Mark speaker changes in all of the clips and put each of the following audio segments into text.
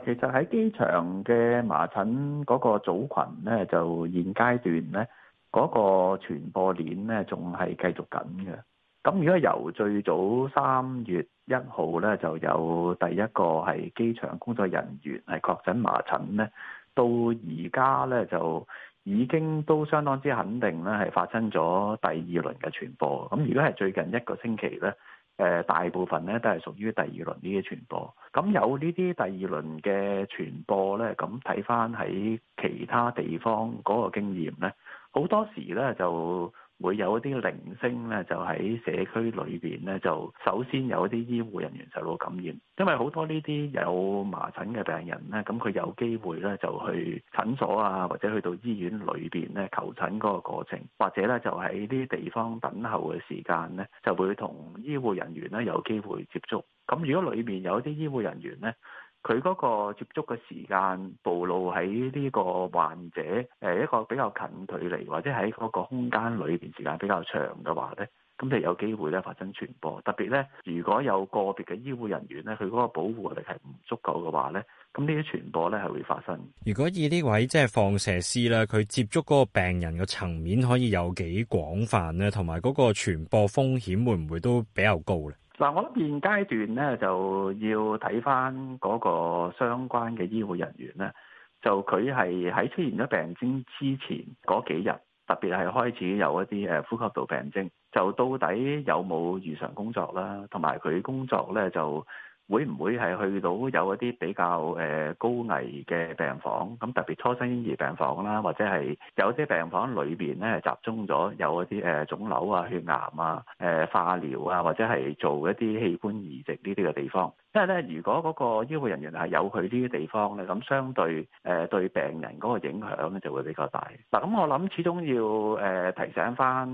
Speaker 1: 其實喺機場嘅麻疹嗰個組群呢，就現階段呢嗰個傳播鏈呢，仲係繼續緊嘅。咁如果由最早三月一號呢，就有第一個係機場工作人員係確診麻疹呢，到而家呢，就已經都相當之肯定呢，係發生咗第二輪嘅傳播。咁如果係最近一個星期呢。誒、呃、大部分咧都係屬於第二輪呢啲傳播，咁有呢啲第二輪嘅傳播咧，咁睇返喺其他地方嗰個經驗咧，好多時咧就。會有一啲零星咧，就喺社區裏邊咧，就首先有一啲醫護人員受到感染，因為好多呢啲有麻疹嘅病人咧，咁佢有機會咧就去診所啊，或者去到醫院裏邊咧求診嗰個過程，或者咧就喺啲地方等候嘅時間咧，就會同醫護人員咧有機會接觸。咁如果裏邊有一啲醫護人員咧，佢嗰個接觸嘅時間，暴露喺呢個患者誒、呃、一個比較近距離，或者喺嗰個空間裏邊時間比較長嘅話咧，咁就有機會咧發生傳播。特別咧，如果有個別嘅醫護人員咧，佢嗰個保護力係唔足夠嘅話咧，咁呢啲傳播咧係會發生。
Speaker 2: 如果以呢位即係放射師啦，佢接觸嗰個病人嘅層面可以有幾廣泛咧，同埋嗰個傳播風險會唔會都比較高咧？
Speaker 1: 嗱，我諗現階段咧就要睇翻嗰個相關嘅醫護人員咧，就佢係喺出現咗病徵之前嗰幾日，特別係開始有一啲誒呼吸道病徵，就到底有冇如常工作啦，同埋佢工作咧就。會唔會係去到有一啲比較誒高危嘅病房？咁特別初生嬰兒病房啦，或者係有啲病房裏邊咧集中咗有一啲誒腫瘤啊、血癌啊、誒化療啊，或者係做一啲器官移植呢啲嘅地方。因為咧，如果嗰個醫護人員係有去呢啲地方咧，咁相對誒對病人嗰個影響咧就會比較大。嗱，咁我諗始終要誒提醒翻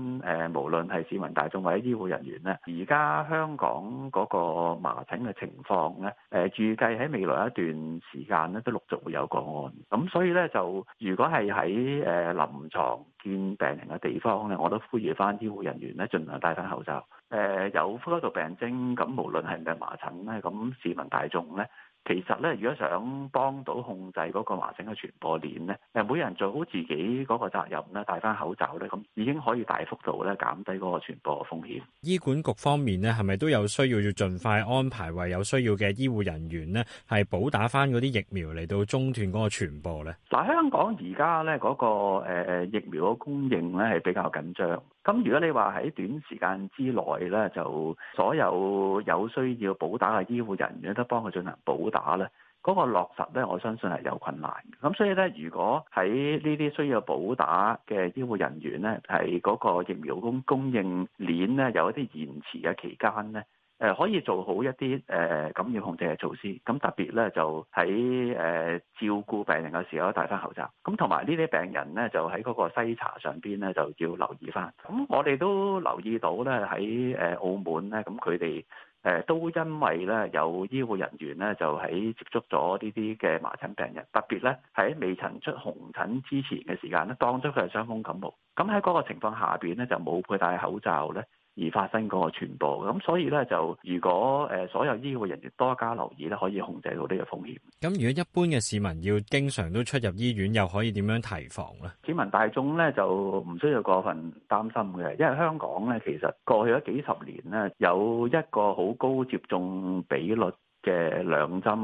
Speaker 1: 誒，無論係市民大眾或者醫護人員咧，而家香港嗰個麻疹嘅情況咧，誒預計喺未來一段時間咧，都陸續會有個案。咁所以咧，就如果係喺誒臨床見病人嘅地方咧，我都呼籲翻醫護人員咧，盡量戴翻口罩。誒、呃、有呼吸道病徵，咁無論係唔係麻疹咧，咁市民大眾咧。其實咧，如果想幫到控制嗰個麻疹嘅傳播鏈咧，誒，每人做好自己嗰個責任咧，戴翻口罩咧，咁已經可以大幅度咧減低嗰個傳播嘅風險。
Speaker 2: 醫管局方面咧，係咪都有需要要盡快安排為有需要嘅醫護人員咧，係補打翻嗰啲疫苗嚟到中斷嗰個傳播咧？
Speaker 1: 嗱，香港而家咧嗰個誒、呃、疫苗嘅供應咧係比較緊張。咁如果你話喺短時間之內呢，就所有有需要補打嘅醫護人員都幫佢進行補打呢嗰個落實呢，我相信係有困難。咁所以呢，如果喺呢啲需要補打嘅醫護人員呢，係嗰個疫苗供供應鏈呢，有一啲延遲嘅期間呢。誒可以做好一啲誒感染控制嘅措施，咁特別咧就喺誒照顧病人嘅時候戴翻口罩，咁同埋呢啲病人咧就喺嗰個篩查上邊咧就要留意翻。咁我哋都留意到咧喺誒澳門咧，咁佢哋誒都因為咧有醫護人員咧就喺接觸咗呢啲嘅麻疹病人，特別咧喺未曾出紅疹之前嘅時間咧，當咗佢係傷風感冒，咁喺嗰個情況下邊咧就冇佩戴口罩咧，而發生嗰個傳播，咁所以咧就如果誒所有醫護人員多加留意咧，可以控制到呢個風險。
Speaker 2: 咁如果一般嘅市民要經常都出入醫院，又可以點樣提防呢？
Speaker 1: 市民大眾咧就唔需要過分擔心嘅，因為香港咧其實過去咗幾十年咧，有一個好高接種比率嘅兩針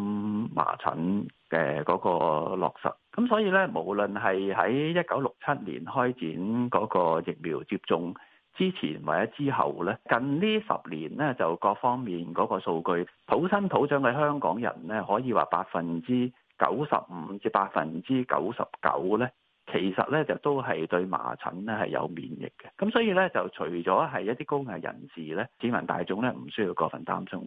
Speaker 1: 麻疹嘅嗰個落實。咁所以咧，無論係喺一九六七年開展嗰個疫苗接種。之前或者之後呢，近呢十年呢，就各方面嗰個數據，土生土長嘅香港人呢，可以話百分之九十五至百分之九十九呢，其實呢，就都係對麻疹呢係有免疫嘅。咁所以呢，就除咗係一啲高危人士呢，市民大眾呢，唔需要過分擔心。